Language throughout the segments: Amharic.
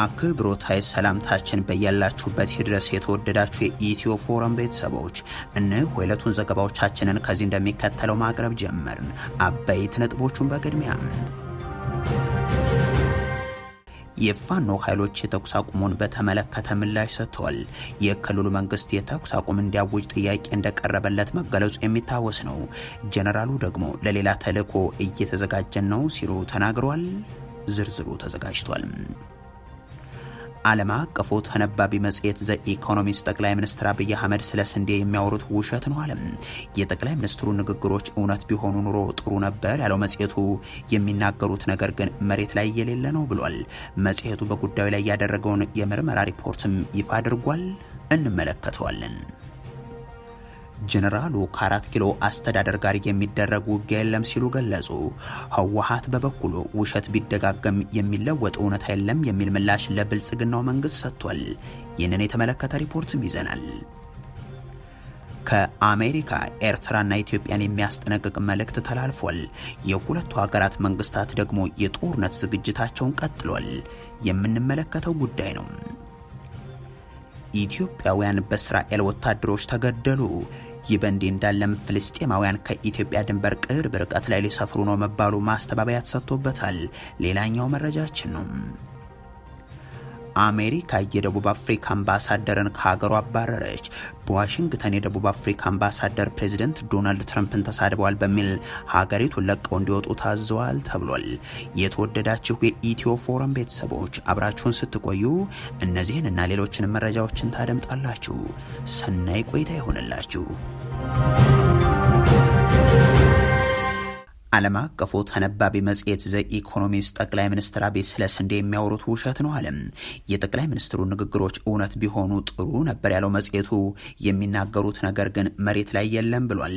አክብሮታይ ሰላምታችን በያላችሁበት ይድረስ። የተወደዳችሁ የኢትዮ ፎረም ቤተሰቦች እነሆ የዕለቱን ዘገባዎቻችንን ከዚህ እንደሚከተለው ማቅረብ ጀመርን። አበይት ነጥቦቹን በቅድሚያ የፋኖ ኃይሎች የተኩስ አቁሙን በተመለከተ ምላሽ ሰጥተዋል። የክልሉ መንግስት የተኩስ አቁም እንዲያውጅ ጥያቄ እንደቀረበለት መገለጹ የሚታወስ ነው። ጀነራሉ ደግሞ ለሌላ ተልዕኮ እየተዘጋጀን ነው ሲሉ ተናግረዋል። ዝርዝሩ ተዘጋጅቷል። ዓለም አቀፉ ተነባቢ መጽሔት ዘ ኢኮኖሚስት ጠቅላይ ሚኒስትር አብይ አህመድ ስለ ስንዴ የሚያወሩት ውሸት ነው አለም። የጠቅላይ ሚኒስትሩ ንግግሮች እውነት ቢሆኑ ኑሮ ጥሩ ነበር ያለው መጽሔቱ የሚናገሩት ነገር ግን መሬት ላይ የሌለ ነው ብሏል። መጽሔቱ በጉዳዩ ላይ ያደረገውን የምርመራ ሪፖርትም ይፋ አድርጓል። እንመለከተዋለን። ጀነራሉ ከአራት ኪሎ አስተዳደር ጋር የሚደረግ ውጊያ የለም ሲሉ ገለጹ። ህወሓት በበኩሉ ውሸት ቢደጋገም የሚለወጥ እውነት የለም የሚል ምላሽ ለብልጽግናው መንግስት ሰጥቷል። ይህንን የተመለከተ ሪፖርትም ይዘናል። ከአሜሪካ ኤርትራና ኢትዮጵያን የሚያስጠነቅቅ መልእክት ተላልፏል። የሁለቱ ሀገራት መንግስታት ደግሞ የጦርነት ዝግጅታቸውን ቀጥሏል። የምንመለከተው ጉዳይ ነው። ኢትዮጵያውያን በእስራኤል ወታደሮች ተገደሉ። ይህ በእንዲህ እንዳለም ፍልስጤማውያን ከኢትዮጵያ ድንበር ቅርብ ርቀት ላይ ሊሰፍሩ ነው መባሉ ማስተባበያ ተሰጥቶበታል። ሌላኛው መረጃችን ነው። አሜሪካ የደቡብ አፍሪካ አምባሳደርን ከሀገሩ አባረረች። በዋሽንግተን የደቡብ አፍሪካ አምባሳደር ፕሬዚደንት ዶናልድ ትራምፕን ተሳድበዋል በሚል ሀገሪቱን ለቀው እንዲወጡ ታዘዋል ተብሏል። የተወደዳችሁ የኢትዮ ፎረም ቤተሰቦች አብራችሁን ስትቆዩ እነዚህን እና ሌሎችንም መረጃዎችን ታደምጣላችሁ። ሰናይ ቆይታ ይሆንላችሁ። ዓለም አቀፉ ተነባቢ መጽሔት ዘ ኢኮኖሚስት ጠቅላይ ሚኒስትር አብይ ስለ ስንዴ የሚያወሩት ውሸት ነው አለም። የጠቅላይ ሚኒስትሩ ንግግሮች እውነት ቢሆኑ ጥሩ ነበር ያለው መጽሔቱ፣ የሚናገሩት ነገር ግን መሬት ላይ የለም ብሏል።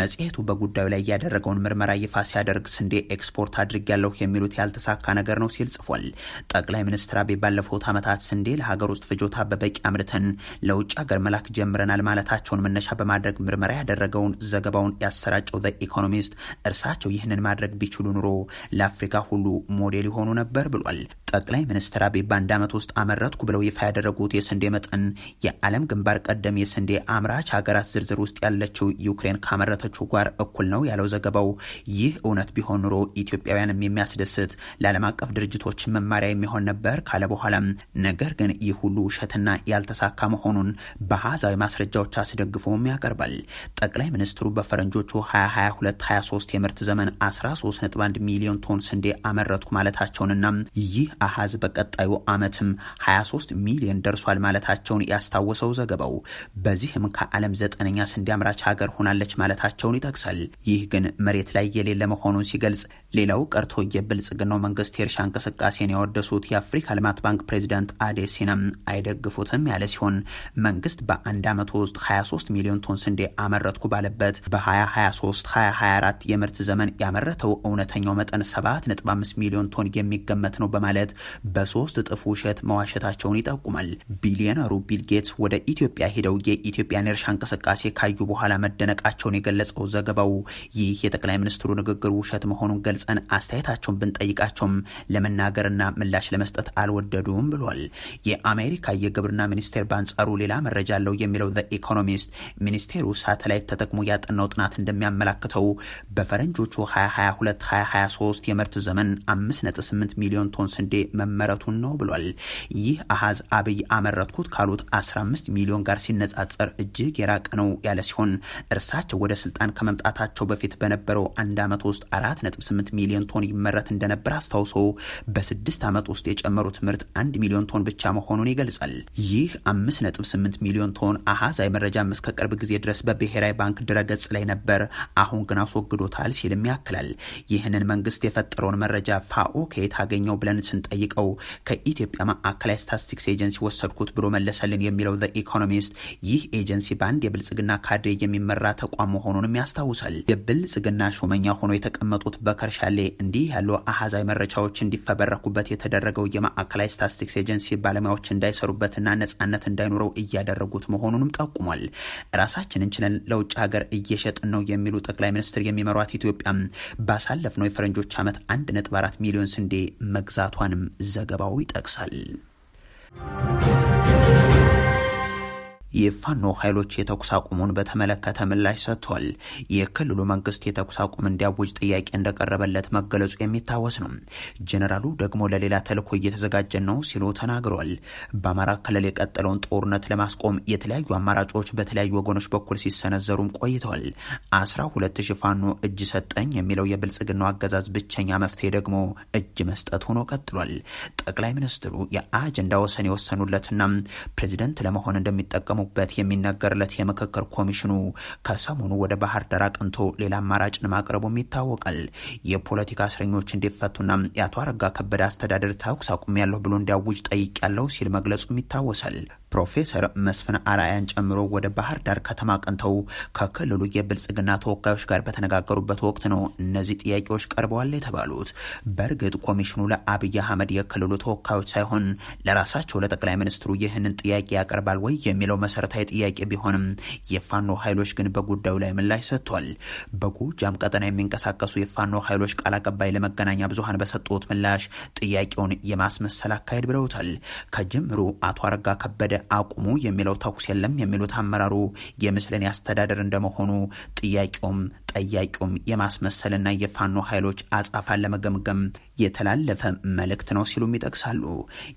መጽሔቱ በጉዳዩ ላይ ያደረገውን ምርመራ ይፋ ሲያደርግ ስንዴ ኤክስፖርት ያለሁ የሚሉት ያልተሳካ ነገር ነው ሲል ጽፏል። ጠቅላይ ሚኒስትር አብይ ባለፉት ዓመታት ስንዴ ለሀገር ውስጥ ፍጆታ በበቂ አምርተን ለውጭ ሀገር መላክ ጀምረናል ማለታቸውን መነሻ በማድረግ ምርመራ ያደረገውን ዘገባውን ያሰራጨው ዘ ኢኮኖሚስት እርሳቸው ይህንን ማድረግ ቢችሉ ኑሮ ለአፍሪካ ሁሉ ሞዴል የሆኑ ነበር ብሏል። ጠቅላይ ሚኒስትር አብይ በአንድ ዓመት ውስጥ አመረትኩ ብለው ይፋ ያደረጉት የስንዴ መጠን የዓለም ግንባር ቀደም የስንዴ አምራች ሀገራት ዝርዝር ውስጥ ያለችው ዩክሬን ካመረተችው ጋር እኩል ነው ያለው ዘገባው። ይህ እውነት ቢሆን ኑሮ ኢትዮጵያውያንም የሚያስደስት ለዓለም አቀፍ ድርጅቶች መማሪያ የሚሆን ነበር ካለ በኋላም ነገር ግን ይህ ሁሉ ውሸትና ያልተሳካ መሆኑን በአሃዛዊ ማስረጃዎች አስደግፎም ያቀርባል። ጠቅላይ ሚኒስትሩ በፈረንጆቹ 2022 የምርት ዘመን 13.1 ሚሊዮን ቶን ስንዴ አመረትኩ ማለታቸውንና ይህ አሃዝ በቀጣዩ ዓመትም 23 ሚሊዮን ደርሷል ማለታቸውን ያስታወሰው ዘገባው በዚህም ከዓለም ዘጠነኛ ስንዴ አምራች ሀገር ሆናለች ማለታቸውን ይጠቅሳል። ይህ ግን መሬት ላይ የሌለ መሆኑን ሲገልጽ፣ ሌላው ቀርቶ የብልጽግናው መንግስት የእርሻ እንቅስቃሴን ያወደሱት የአፍሪካ ልማት ባንክ ፕሬዚዳንት አዴሲናም አይደግፉትም ያለ ሲሆን መንግስት በአንድ ዓመት ውስጥ 23 ሚሊዮን ቶን ስንዴ አመረትኩ ባለበት በ2023 2024 የምርት ዘመን ያመረተው እውነተኛው መጠን 7.5 ሚሊዮን ቶን የሚገመት ነው በማለት በማለት በሶስት እጥፍ ውሸት መዋሸታቸውን ይጠቁማል። ቢሊዮነሩ ቢል ጌትስ ወደ ኢትዮጵያ ሄደው የኢትዮጵያን የእርሻ እንቅስቃሴ ካዩ በኋላ መደነቃቸውን የገለጸው ዘገባው ይህ የጠቅላይ ሚኒስትሩ ንግግር ውሸት መሆኑን ገልጸን አስተያየታቸውን ብንጠይቃቸውም ለመናገርና ምላሽ ለመስጠት አልወደዱም ብሏል። የአሜሪካ የግብርና ሚኒስቴር በአንጻሩ ሌላ መረጃ አለው የሚለው ዘ ኢኮኖሚስት ሚኒስቴሩ ሳተላይት ተጠቅሞ ያጠናው ጥናት እንደሚያመላክተው በፈረንጆቹ 2022 2023 የምርት ዘመን 5.8 ሚሊዮን ቶን ስንዴ መመረቱን ነው ብሏል። ይህ አሃዝ አብይ አመረትኩት ካሉት 15 ሚሊዮን ጋር ሲነጻጸር እጅግ የራቀ ነው ያለ ሲሆን እርሳቸው ወደ ስልጣን ከመምጣታቸው በፊት በነበረው አንድ ዓመት ውስጥ 4.8 ሚሊዮን ቶን ይመረት እንደነበር አስታውሶ በስድስት ዓመት ውስጥ የጨመሩት ምርት 1 ሚሊዮን ቶን ብቻ መሆኑን ይገልጻል። ይህ 5.8 ሚሊዮን ቶን አሃዛዊ መረጃም እስከ ቅርብ ጊዜ ድረስ በብሔራዊ ባንክ ድረገጽ ላይ ነበር፣ አሁን ግን አስወግዶታል ሲልም ያክላል። ይህንን መንግስት የፈጠረውን መረጃ ፋኦ ከየት አገኘው ብለን ስንጠ ስንጠይቀው ከኢትዮጵያ ማዕከላዊ ስታቲስቲክስ ኤጀንሲ ወሰድኩት ብሎ መለሰልን የሚለው ዘ ኢኮኖሚስት ይህ ኤጀንሲ በአንድ የብልጽግና ካድሬ የሚመራ ተቋም መሆኑንም ያስታውሳል። የብልጽግና ሹመኛ ሆኖ የተቀመጡት በከርሻሌ እንዲህ ያሉ አሃዛዊ መረጃዎች እንዲፈበረኩበት የተደረገው የማዕከላዊ ስታቲስቲክስ ኤጀንሲ ባለሙያዎች እንዳይሰሩበትና ነጻነት እንዳይኖረው እያደረጉት መሆኑንም ጠቁሟል። ራሳችንን ችለን ለውጭ ሀገር እየሸጥን ነው የሚሉ ጠቅላይ ሚኒስትር የሚመሯት ኢትዮጵያ ባሳለፍነው የፈረንጆች ዓመት 1.4 ሚሊዮን ስንዴ መግዛቷን መሆኑንም ዘገባው ይጠቅሳል። የፋኖ ኃይሎች የተኩስ አቁሙን በተመለከተ ምላሽ ሰጥቷል። የክልሉ መንግስት የተኩስ አቁም እንዲያውጅ ጥያቄ እንደቀረበለት መገለጹ የሚታወስ ነው። ጀኔራሉ ደግሞ ለሌላ ተልዕኮ እየተዘጋጀን ነው ሲሉ ተናግሯል። በአማራ ክልል የቀጠለውን ጦርነት ለማስቆም የተለያዩ አማራጮች በተለያዩ ወገኖች በኩል ሲሰነዘሩም ቆይተዋል። አስራ ሁለት ሺህ ፋኖ እጅ ሰጠኝ የሚለው የብልጽግናው አገዛዝ ብቸኛ መፍትሄ ደግሞ እጅ መስጠት ሆኖ ቀጥሏል። ጠቅላይ ሚኒስትሩ የአጀንዳ ወሰን የወሰኑለትና ፕሬዚደንት ለመሆን እንደሚጠቀሙ እንደተስማሙበት የሚነገርለት የምክክር ኮሚሽኑ ከሰሞኑ ወደ ባህር ዳር አቅንቶ ሌላ አማራጭን ማቅረቡም ይታወቃል። የፖለቲካ እስረኞች እንዲፈቱና የአቶ አረጋ ከበደ አስተዳደር ተኩስ ያለሁ ብሎ እንዲያውጅ ያለው ሲል መግለጹም ይታወሳል። ፕሮፌሰር መስፍን አርአያን ጨምሮ ወደ ባህር ዳር ከተማ ቀንተው ከክልሉ የብልጽግና ተወካዮች ጋር በተነጋገሩበት ወቅት ነው እነዚህ ጥያቄዎች ቀርበዋል የተባሉት። በእርግጥ ኮሚሽኑ ለአብይ አህመድ የክልሉ ተወካዮች ሳይሆን ለራሳቸው ለጠቅላይ ሚኒስትሩ ይህንን ጥያቄ ያቀርባል ወይ የሚለው መሰረታዊ ጥያቄ ቢሆንም የፋኖ ኃይሎች ግን በጉዳዩ ላይ ምላሽ ሰጥቷል። በጎጃም ቀጠና የሚንቀሳቀሱ የፋኖ ኃይሎች ቃል አቀባይ ለመገናኛ ብዙሀን በሰጡት ምላሽ ጥያቄውን የማስመሰል አካሄድ ብለውታል። ከጅምሩ አቶ አረጋ ከበደ አቁሙ የሚለው ተኩስ የለም የሚሉት አመራሩ የምስልን አስተዳደር እንደመሆኑ ጥያቄውም ጠያቂውም የማስመሰልና የፋኖ ኃይሎች አጻፋን ለመገምገም የተላለፈ መልእክት ነው ሲሉም ይጠቅሳሉ።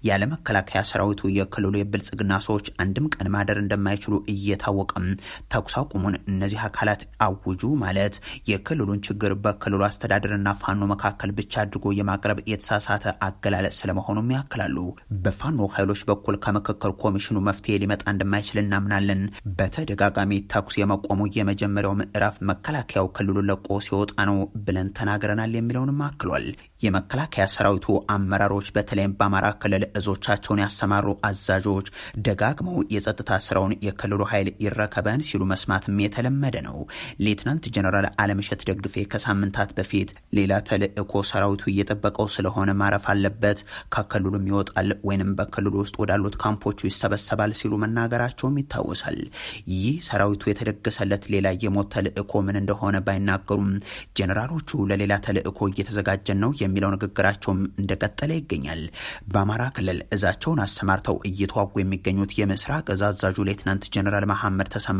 ያለመከላከያ ሰራዊቱ የክልሉ የብልጽግና ሰዎች አንድም ቀን ማደር እንደማይችሉ እየታወቀም ተኩስ አቁሙን እነዚህ አካላት አውጁ ማለት የክልሉን ችግር በክልሉ አስተዳደርና ፋኖ መካከል ብቻ አድርጎ የማቅረብ የተሳሳተ አገላለጽ ስለመሆኑም ያክላሉ። በፋኖ ኃይሎች በኩል ከምክክር ኮሚሽኑ መፍትሄ ሊመጣ እንደማይችል እናምናለን። በተደጋጋሚ ተኩስ የመቆሙ የመጀመሪያው ምዕራፍ መከላከያው ከክልሉ ለቆ ሲወጣ ነው ብለን ተናግረናል የሚለውንም አክሏል። የመከላከያ ሰራዊቱ አመራሮች በተለይም በአማራ ክልል እዞቻቸውን ያሰማሩ አዛዦች ደጋግመው የጸጥታ ስራውን የክልሉ ኃይል ይረከበን ሲሉ መስማትም የተለመደ ነው። ሌትናንት ጀነራል አለምሸት ደግፌ ከሳምንታት በፊት ሌላ ተልእኮ ሰራዊቱ እየጠበቀው ስለሆነ ማረፍ አለበት፣ ከክልሉም ይወጣል ወይንም በክልሉ ውስጥ ወዳሉት ካምፖቹ ይሰበሰባል ሲሉ መናገራቸውም ይታወሳል። ይህ ሰራዊቱ የተደገሰለት ሌላ የሞት ተልእኮ ምን እንደሆነ ባይናገሩም ጀነራሎቹ ለሌላ ተልእኮ እየተዘጋጀን ነው የሚለው ንግግራቸውም እንደቀጠለ ይገኛል። በአማራ ክልል እዛቸውን አሰማርተው እየተዋጉ የሚገኙት የምስራቅ እዝ አዛዡ ሌትናንት ጀነራል መሐመድ ተሰማ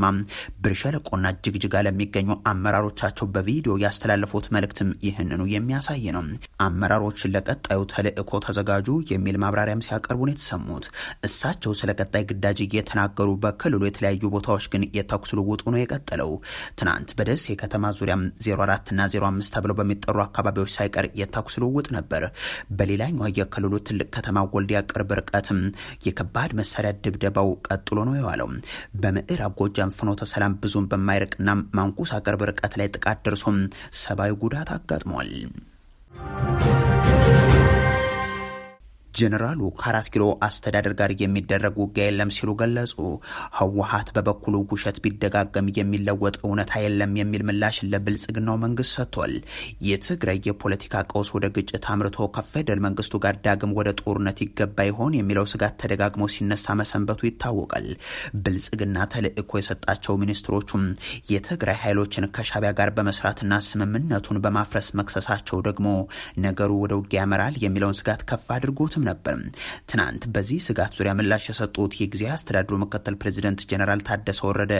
ብርሸለቆና ጅግጅጋ ለሚገኙ አመራሮቻቸው በቪዲዮ ያስተላለፉት መልእክትም ይህንኑ የሚያሳይ ነው። አመራሮች ለቀጣዩ ተልእኮ ተዘጋጁ የሚል ማብራሪያም ሲያቀርቡ ነው የተሰሙት። እሳቸው ስለ ቀጣይ ግዳጅ እየተናገሩ በክልሉ የተለያዩ ቦታዎች ግን የተኩስ ልውውጡ ነው የቀጠለው። ትናንት በደሴ ከተማ ዙሪያም 04 እና 05 ተብለው በሚጠሩ አካባቢዎች ሳይቀር የተኩስ ልውውጥ ነበር። በሌላኛው የክልሉ ትልቅ ከተማ ወልዲያ ቅርብ ርቀትም የከባድ መሳሪያ ድብደባው ቀጥሎ ነው የዋለው። በምዕራብ ጎጃም ፍኖተ ሰላም ብዙም በማይርቅና ማንኩሳ ቅርብ ርቀት ላይ ጥቃት ደርሶም ሰብአዊ ጉዳት አጋጥሟል። ጀነራሉ ከአራት ኪሎ አስተዳደር ጋር የሚደረግ ውጊያ የለም ሲሉ ገለጹ። ህወሀት በበኩሉ ውሸት ቢደጋገም የሚለወጥ እውነታ የለም የሚል ምላሽ ለብልጽግናው መንግስት ሰጥቷል። የትግራይ የፖለቲካ ቀውስ ወደ ግጭት አምርቶ ከፌደራል መንግስቱ ጋር ዳግም ወደ ጦርነት ይገባ ይሆን የሚለው ስጋት ተደጋግሞ ሲነሳ መሰንበቱ ይታወቃል። ብልጽግና ተልእኮ የሰጣቸው ሚኒስትሮቹም የትግራይ ኃይሎችን ከሻቢያ ጋር በመስራትና ስምምነቱን በማፍረስ መክሰሳቸው ደግሞ ነገሩ ወደ ውጊያ ያመራል የሚለውን ስጋት ከፍ አድርጎት ስም ነበር። ትናንት በዚህ ስጋት ዙሪያ ምላሽ የሰጡት የጊዜ አስተዳድሩ ምክትል ፕሬዚደንት ጀነራል ታደሰ ወረደ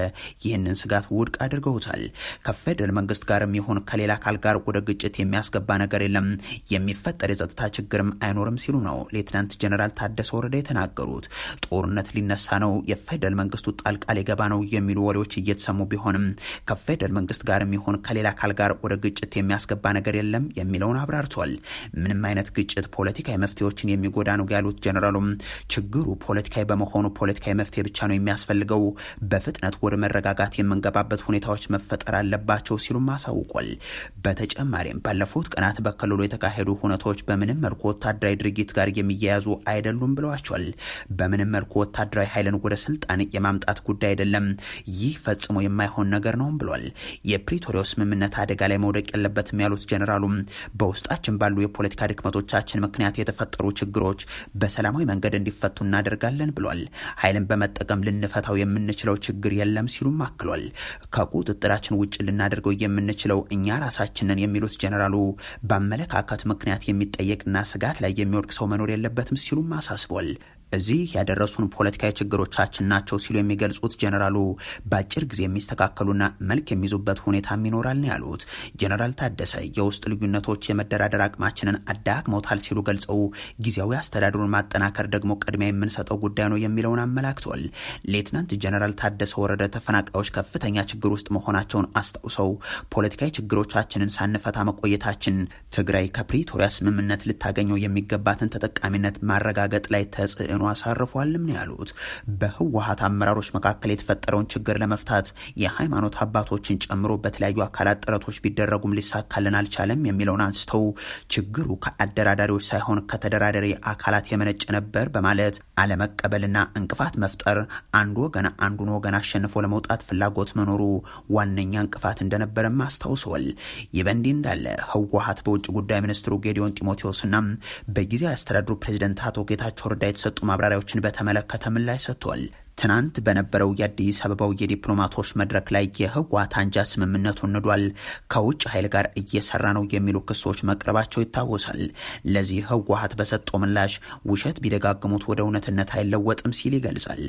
ይህንን ስጋት ውድቅ አድርገውታል። ከፌደራል መንግስት ጋርም ይሁን ከሌላ አካል ጋር ወደ ግጭት የሚያስገባ ነገር የለም፣ የሚፈጠር የጸጥታ ችግርም አይኖርም ሲሉ ነው ሌትናንት ጀነራል ታደሰ ወረደ የተናገሩት። ጦርነት ሊነሳ ነው፣ የፌደራል መንግስቱ ጣልቃ ሊገባ ነው የሚሉ ወሬዎች እየተሰሙ ቢሆንም ከፌደራል መንግስት ጋርም ይሁን ከሌላ አካል ጋር ወደ ግጭት የሚያስገባ ነገር የለም የሚለውን አብራርቷል። ምንም አይነት ግጭት ፖለቲካዊ መፍትሄዎችን የሚ የሚጎዳ ነው ያሉት ጀነራሉም ችግሩ ፖለቲካዊ በመሆኑ ፖለቲካዊ መፍትሄ ብቻ ነው የሚያስፈልገው፣ በፍጥነት ወደ መረጋጋት የምንገባበት ሁኔታዎች መፈጠር አለባቸው ሲሉም አሳውቋል። በተጨማሪም ባለፉት ቀናት በክልሉ የተካሄዱ ሁነቶች በምንም መልኩ ወታደራዊ ድርጊት ጋር የሚያያዙ አይደሉም ብለዋቸዋል። በምንም መልኩ ወታደራዊ ኃይልን ወደ ስልጣን የማምጣት ጉዳይ አይደለም፣ ይህ ፈጽሞ የማይሆን ነገር ነውም ብሏል። የፕሪቶሪያው ስምምነት አደጋ ላይ መውደቅ የለበትም ያሉት ጀነራሉም በውስጣችን ባሉ የፖለቲካ ድክመቶቻችን ምክንያት የተፈጠሩ ችግሮች ችግሮች በሰላማዊ መንገድ እንዲፈቱ እናደርጋለን ብሏል። ኃይልን በመጠቀም ልንፈታው የምንችለው ችግር የለም ሲሉም አክሏል። ከቁጥጥራችን ውጭ ልናደርገው የምንችለው እኛ ራሳችንን የሚሉት ጀኔራሉ በአመለካከት ምክንያት የሚጠየቅና ስጋት ላይ የሚወድቅ ሰው መኖር የለበትም ሲሉም አሳስቧል። እዚህ ያደረሱን ፖለቲካዊ ችግሮቻችን ናቸው ሲሉ የሚገልጹት ጀነራሉ በአጭር ጊዜ የሚስተካከሉና መልክ የሚይዙበት ሁኔታም ይኖራል ነው ያሉት። ጀነራል ታደሰ የውስጥ ልዩነቶች የመደራደር አቅማችንን አዳክመውታል ሲሉ ገልጸው ጊዜያዊ አስተዳደሩን ማጠናከር ደግሞ ቅድሚያ የምንሰጠው ጉዳይ ነው የሚለውን አመላክቷል። ሌትናንት ጀነራል ታደሰ ወረደ ተፈናቃዮች ከፍተኛ ችግር ውስጥ መሆናቸውን አስታውሰው ፖለቲካዊ ችግሮቻችንን ሳንፈታ መቆየታችን ትግራይ ከፕሪቶሪያ ስምምነት ልታገኘው የሚገባትን ተጠቃሚነት ማረጋገጥ ላይ ተጽዕኖ በየወገኑ አሳርፏልም ነው ያሉት። በህወሀት አመራሮች መካከል የተፈጠረውን ችግር ለመፍታት የሃይማኖት አባቶችን ጨምሮ በተለያዩ አካላት ጥረቶች ቢደረጉም ሊሳካልን አልቻለም የሚለውን አንስተው ችግሩ ከአደራዳሪዎች ሳይሆን ከተደራዳሪ አካላት የመነጨ ነበር በማለት አለመቀበልና እንቅፋት መፍጠር አንዱ ወገን አንዱን ወገን አሸንፎ ለመውጣት ፍላጎት መኖሩ ዋነኛ እንቅፋት እንደነበረም አስታውሰዋል። ይህ በእንዲህ እንዳለ ህወሀት በውጭ ጉዳይ ሚኒስትሩ ጌዲዮን ጢሞቴዎስና በጊዜያዊ አስተዳድሩ ፕሬዚደንት አቶ ጌታቸው ረዳ የተሰጡ ማብራሪያዎችን በተመለከተ ምላሽ ሰጥቷል። ትናንት በነበረው የአዲስ አበባው የዲፕሎማቶች መድረክ ላይ የህወሓት አንጃ ስምምነቱ ንዷል፣ ከውጭ ኃይል ጋር እየሰራ ነው የሚሉ ክሶች መቅረባቸው ይታወሳል። ለዚህ ህወሓት በሰጠው ምላሽ ውሸት ቢደጋግሙት ወደ እውነትነት አይለወጥም ሲል ይገልጻል።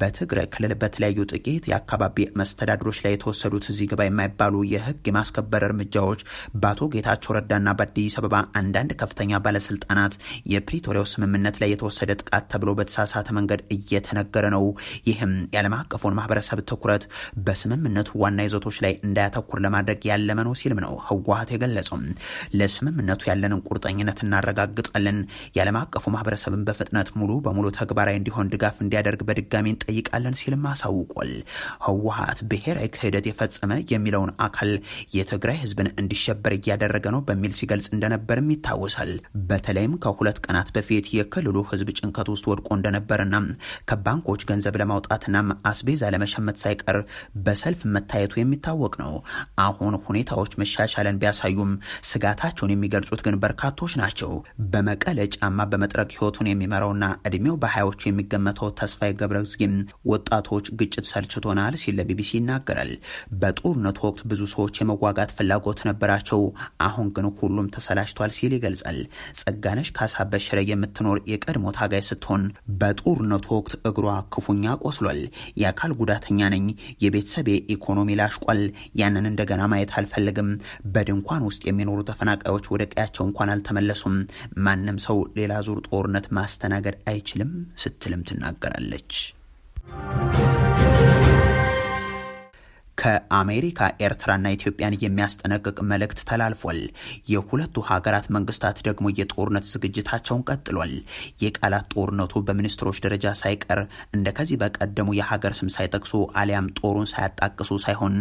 በትግራይ ክልል በተለያዩ ጥቂት የአካባቢ መስተዳድሮች ላይ የተወሰዱት እዚህ ግባ የማይባሉ የህግ የማስከበር እርምጃዎች በአቶ ጌታቸው ረዳና በአዲስ አበባ አንዳንድ ከፍተኛ ባለስልጣናት የፕሪቶሪያው ስምምነት ላይ የተወሰደ ጥቃት ተብሎ በተሳሳተ መንገድ እየተነገረ ነው ይህም የዓለም አቀፉን ማህበረሰብ ትኩረት በስምምነቱ ዋና ይዘቶች ላይ እንዳያተኩር ለማድረግ ያለመ ነው ሲልም ነው ህወሀት የገለጸው። ለስምምነቱ ያለንን ቁርጠኝነት እናረጋግጣለን፣ የዓለም አቀፉ ማህበረሰብን በፍጥነት ሙሉ በሙሉ ተግባራዊ እንዲሆን ድጋፍ እንዲያደርግ በድጋሚ እንጠይቃለን ሲልም አሳውቋል። ህወሀት ብሔራዊ ክህደት የፈጸመ የሚለውን አካል የትግራይ ህዝብን እንዲሸበር እያደረገ ነው በሚል ሲገልጽ እንደነበርም ይታወሳል። በተለይም ከሁለት ቀናት በፊት የክልሉ ህዝብ ጭንቀት ውስጥ ወድቆ እንደነበርና ከባንኮች ገንዘብ ለማውጣትና አስቤዛ ለመሸመት ሳይቀር በሰልፍ መታየቱ የሚታወቅ ነው። አሁን ሁኔታዎች መሻሻልን ቢያሳዩም ስጋታቸውን የሚገልጹት ግን በርካቶች ናቸው። በመቀለ ጫማ በመጥረቅ ህይወቱን የሚመራውና እድሜው በሀያዎቹ የሚገመተው ተስፋዬ ገብረዝጊም ወጣቶች ግጭት ሰልችቶናል ሲል ለቢቢሲ ይናገራል። በጦርነቱ ወቅት ብዙ ሰዎች የመዋጋት ፍላጎት ነበራቸው፣ አሁን ግን ሁሉም ተሰላችቷል ሲል ይገልጻል። ጸጋነሽ ካሳ በሽረ የምትኖር የቀድሞ ታጋይ ስትሆን በጦርነቱ ወቅት እግሯ ክፉኛ ጉዳተኛ ቆስሏል። የአካል ጉዳተኛ ነኝ፣ የቤተሰቤ ኢኮኖሚ ላሽቋል። ያንን እንደገና ማየት አልፈልግም። በድንኳን ውስጥ የሚኖሩ ተፈናቃዮች ወደ ቀያቸው እንኳን አልተመለሱም። ማንም ሰው ሌላ ዙር ጦርነት ማስተናገድ አይችልም ስትልም ትናገራለች። ከአሜሪካ ኤርትራና ኢትዮጵያን የሚያስጠነቅቅ መልእክት ተላልፏል። የሁለቱ ሀገራት መንግስታት ደግሞ የጦርነት ዝግጅታቸውን ቀጥሏል። የቃላት ጦርነቱ በሚኒስትሮች ደረጃ ሳይቀር እንደ ከዚህ በቀደሙ የሀገር ስም ሳይጠቅሱ አሊያም ጦሩን ሳያጣቅሱ ሳይሆን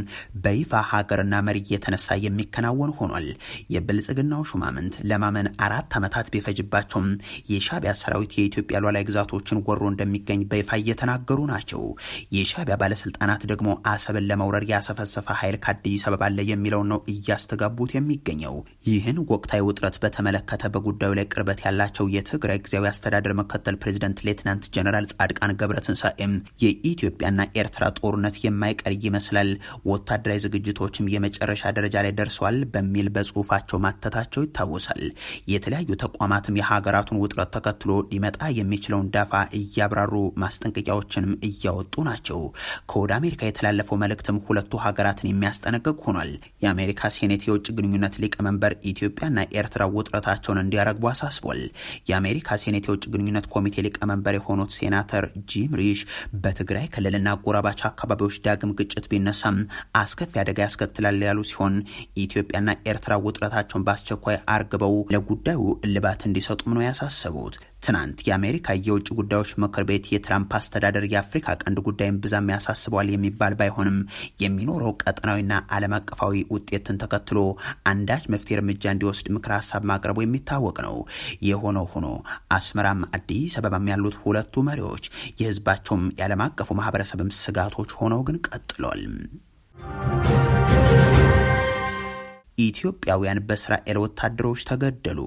በይፋ ሀገርና መሪ እየተነሳ የሚከናወን ሆኗል። የብልጽግናው ሹማምንት ለማመን አራት ዓመታት ቢፈጅባቸውም የሻቢያ ሰራዊት የኢትዮጵያ ሉዓላዊ ግዛቶችን ወሮ እንደሚገኝ በይፋ እየተናገሩ ናቸው። የሻቢያ ባለስልጣናት ደግሞ አሰብን ለመውረድ ለመውረር ያሰፈሰፈ ኃይል ከአዲስ አበባ አለ የሚለው ነው እያስተጋቡት የሚገኘው። ይህን ወቅታዊ ውጥረት በተመለከተ በጉዳዩ ላይ ቅርበት ያላቸው የትግራይ ጊዜያዊ አስተዳደር መከተል ፕሬዚደንት ሌትናንት ጀነራል ጻድቃን ገብረትንሳኤም የኢትዮጵያና ኤርትራ ጦርነት የማይቀር ይመስላል፣ ወታደራዊ ዝግጅቶችም የመጨረሻ ደረጃ ላይ ደርሰዋል በሚል በጽሁፋቸው ማተታቸው ይታወሳል። የተለያዩ ተቋማትም የሀገራቱን ውጥረት ተከትሎ ሊመጣ የሚችለውን ዳፋ እያብራሩ ማስጠንቀቂያዎችንም እያወጡ ናቸው። ከወደ አሜሪካ የተላለፈው መልእክትም ሁለቱ ሀገራትን የሚያስጠነቅቅ ሆኗል። የአሜሪካ ሴኔት የውጭ ግንኙነት ሊቀመንበር ኢትዮጵያና ኤርትራ ውጥረታቸውን እንዲያረግቡ አሳስቧል። የአሜሪካ ሴኔት የውጭ ግንኙነት ኮሚቴ ሊቀመንበር የሆኑት ሴናተር ጂም ሪሽ በትግራይ ክልልና አጎራባች አካባቢዎች ዳግም ግጭት ቢነሳም አስከፊ አደጋ ያስከትላል ያሉ ሲሆን ኢትዮጵያና ኤርትራ ውጥረታቸውን በአስቸኳይ አርግበው ለጉዳዩ እልባት እንዲሰጡም ነው ያሳሰቡት። ትናንት የአሜሪካ የውጭ ጉዳዮች ምክር ቤት የትራምፕ አስተዳደር የአፍሪካ ቀንድ ጉዳይን ብዛም ያሳስቧል የሚባል ባይሆንም የሚኖረው ቀጠናዊና ዓለም አቀፋዊ ውጤትን ተከትሎ አንዳች መፍትሄ እርምጃ እንዲወስድ ምክር ሀሳብ ማቅረቡ የሚታወቅ ነው። የሆነው ሆኖ አስመራም አዲስ አበባም ያሉት ሁለቱ መሪዎች የህዝባቸውም የዓለም አቀፉ ማህበረሰብም ስጋቶች ሆነው ግን ቀጥሏል። ኢትዮጵያውያን በእስራኤል ወታደሮች ተገደሉ።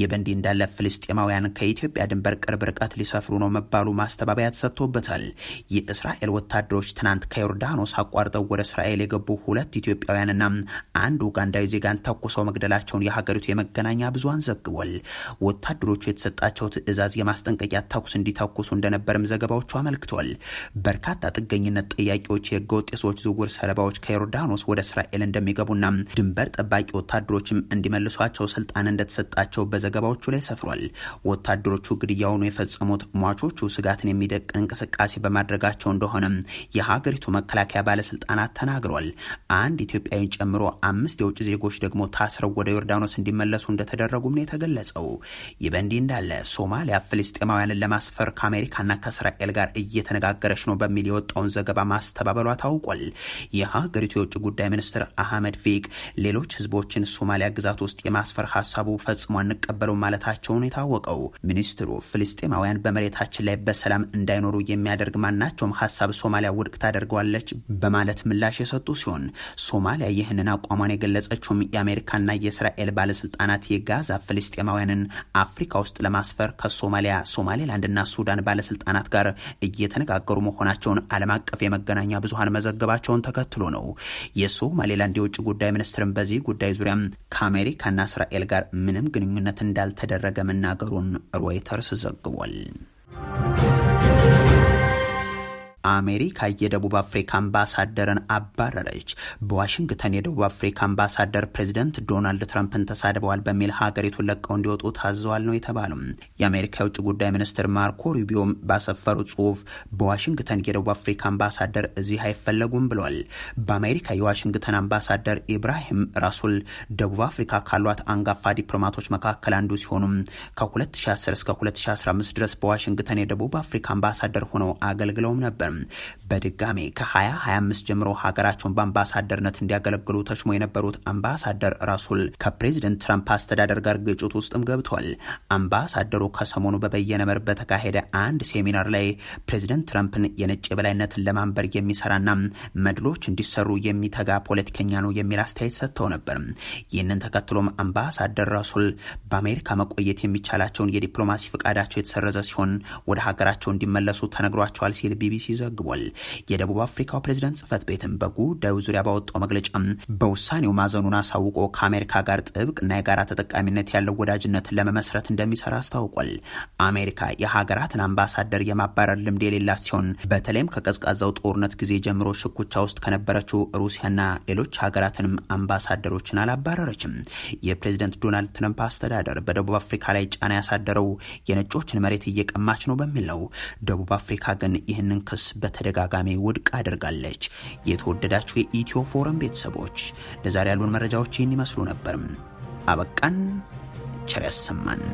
ይህ በእንዲህ እንዳለ ፍልስጤማውያን ከኢትዮጵያ ድንበር ቅርብ ርቀት ሊሰፍሩ ነው መባሉ ማስተባበያ ተሰጥቶበታል። የእስራኤል ወታደሮች ትናንት ከዮርዳኖስ አቋርጠው ወደ እስራኤል የገቡ ሁለት ኢትዮጵያውያንና አንድ ኡጋንዳዊ ዜጋን ተኩሰው መግደላቸውን የሀገሪቱ የመገናኛ ብዙሃን ዘግቧል። ወታደሮቹ የተሰጣቸው ትዕዛዝ የማስጠንቀቂያ ተኩስ እንዲተኩሱ እንደነበርም ዘገባዎቹ አመልክቷል። በርካታ ጥገኝነት ጠያቂዎች የህገወጥ የሰዎች ዝውውር ሰለባዎች ከዮርዳኖስ ወደ እስራኤል እንደሚገቡና ድንበር ጠባቂ ወታደሮችም እንዲመልሷቸው ስልጣን እንደተሰጣቸው በዘገባዎቹ ላይ ሰፍሯል። ወታደሮቹ ግድያውን የፈጸሙት ሟቾቹ ስጋትን የሚደቅ እንቅስቃሴ በማድረጋቸው እንደሆነም የሀገሪቱ መከላከያ ባለስልጣናት ተናግሯል አንድ ኢትዮጵያዊን ጨምሮ አምስት የውጭ ዜጎች ደግሞ ታስረው ወደ ዮርዳኖስ እንዲመለሱ እንደተደረጉም ነው የተገለጸው። ይህ በእንዲህ እንዳለ ሶማሊያ ፍልስጤማውያንን ለማስፈር ከአሜሪካና ከእስራኤል ጋር እየተነጋገረች ነው በሚል የወጣውን ዘገባ ማስተባበሏ ታውቋል። የሀገሪቱ የውጭ ጉዳይ ሚኒስትር አህመድ ፊቅ ሌሎች ህዝቦችን ሶማሊያ ግዛት ውስጥ የማስፈር ሀሳቡ ፈጽሞ አንቀበለው ማለታቸውን የታወቀው ሚኒስትሩ ፍልስጤማውያን በመሬታችን ላይ በሰላም እንዳይኖሩ የሚያደርግ ማናቸውም ሀሳብ ሶማሊያ ውድቅ ታደርገዋለች በማለት ምላሽ የሰጡ ሲሆን ሶማሊያ ይህንን አቋሟን የገለጸችውም የአሜሪካና የእስራኤል ባለስልጣናት የጋዛ ፍልስጤማውያንን አፍሪካ ውስጥ ለማስፈር ከሶማሊያ ሶማሌላንድና ሱዳን ባለስልጣናት ጋር እየተነጋገሩ መሆናቸውን ዓለም አቀፍ የመገናኛ ብዙሀን መዘገባቸውን ተከትሎ ነው። የሶማሌላንድ የውጭ ጉዳይ ሚኒስትርን በዚህ ጉዳይ ዙሪያ ከአሜሪካና እስራኤል ጋር ምንም ግንኙነት እንዳልተደረገ መናገሩን ሮይተርስ ዘግቧል። አሜሪካ የደቡብ አፍሪካ አምባሳደርን አባረረች። በዋሽንግተን የደቡብ አፍሪካ አምባሳደር ፕሬዚደንት ዶናልድ ትራምፕን ተሳድበዋል በሚል ሀገሪቱን ለቀው እንዲወጡ ታዘዋል ነው የተባሉ። የአሜሪካ የውጭ ጉዳይ ሚኒስትር ማርኮ ሩቢዮም ባሰፈሩ ጽሁፍ በዋሽንግተን የደቡብ አፍሪካ አምባሳደር እዚህ አይፈለጉም ብሏል። በአሜሪካ የዋሽንግተን አምባሳደር ኢብራሂም ራሱል ደቡብ አፍሪካ ካሏት አንጋፋ ዲፕሎማቶች መካከል አንዱ ሲሆኑም ከ2010 እስከ 2015 ድረስ በዋሽንግተን የደቡብ አፍሪካ አምባሳደር ሆነው አገልግለውም ነበር። በድጋሜ ከ2025 ጀምሮ ሀገራቸውን በአምባሳደርነት እንዲያገለግሉ ተሽሞ የነበሩት አምባሳደር ራሱል ከፕሬዚደንት ትራምፕ አስተዳደር ጋር ግጭት ውስጥም ገብቷል። አምባሳደሩ ከሰሞኑ በበየነ መር በተካሄደ አንድ ሴሚናር ላይ ፕሬዚደንት ትራምፕን የነጭ የበላይነትን ለማንበር የሚሰራና መድሎች እንዲሰሩ የሚተጋ ፖለቲከኛ ነው የሚል አስተያየት ሰጥተው ነበር። ይህንን ተከትሎም አምባሳደር ራሱል በአሜሪካ መቆየት የሚቻላቸውን የዲፕሎማሲ ፍቃዳቸው የተሰረዘ ሲሆን ወደ ሀገራቸው እንዲመለሱ ተነግሯቸዋል ሲል ቢቢሲ ዘግቧል። የደቡብ አፍሪካው ፕሬዚዳንት ጽህፈት ቤትም በጉዳዩ ዙሪያ ባወጣው መግለጫ በውሳኔው ማዘኑን አሳውቆ ከአሜሪካ ጋር ጥብቅ እና የጋራ ተጠቃሚነት ያለው ወዳጅነት ለመመስረት እንደሚሰራ አስታውቋል። አሜሪካ የሀገራትን አምባሳደር የማባረር ልምድ የሌላት ሲሆን በተለይም ከቀዝቃዛው ጦርነት ጊዜ ጀምሮ ሽኩቻ ውስጥ ከነበረችው ሩሲያና ሌሎች ሀገራትንም አምባሳደሮችን አላባረረችም። የፕሬዚደንት ዶናልድ ትረምፕ አስተዳደር በደቡብ አፍሪካ ላይ ጫና ያሳደረው የነጮችን መሬት እየቀማች ነው በሚል ነው። ደቡብ አፍሪካ ግን ይህንን ክስ በተደጋጋሚ ውድቅ አድርጋለች። የተወደዳችሁ የኢትዮ ፎረም ቤተሰቦች ለዛሬ ያሉን መረጃዎች ይህን ይመስሉ ነበርም። አበቃን። ቸር ያሰማን።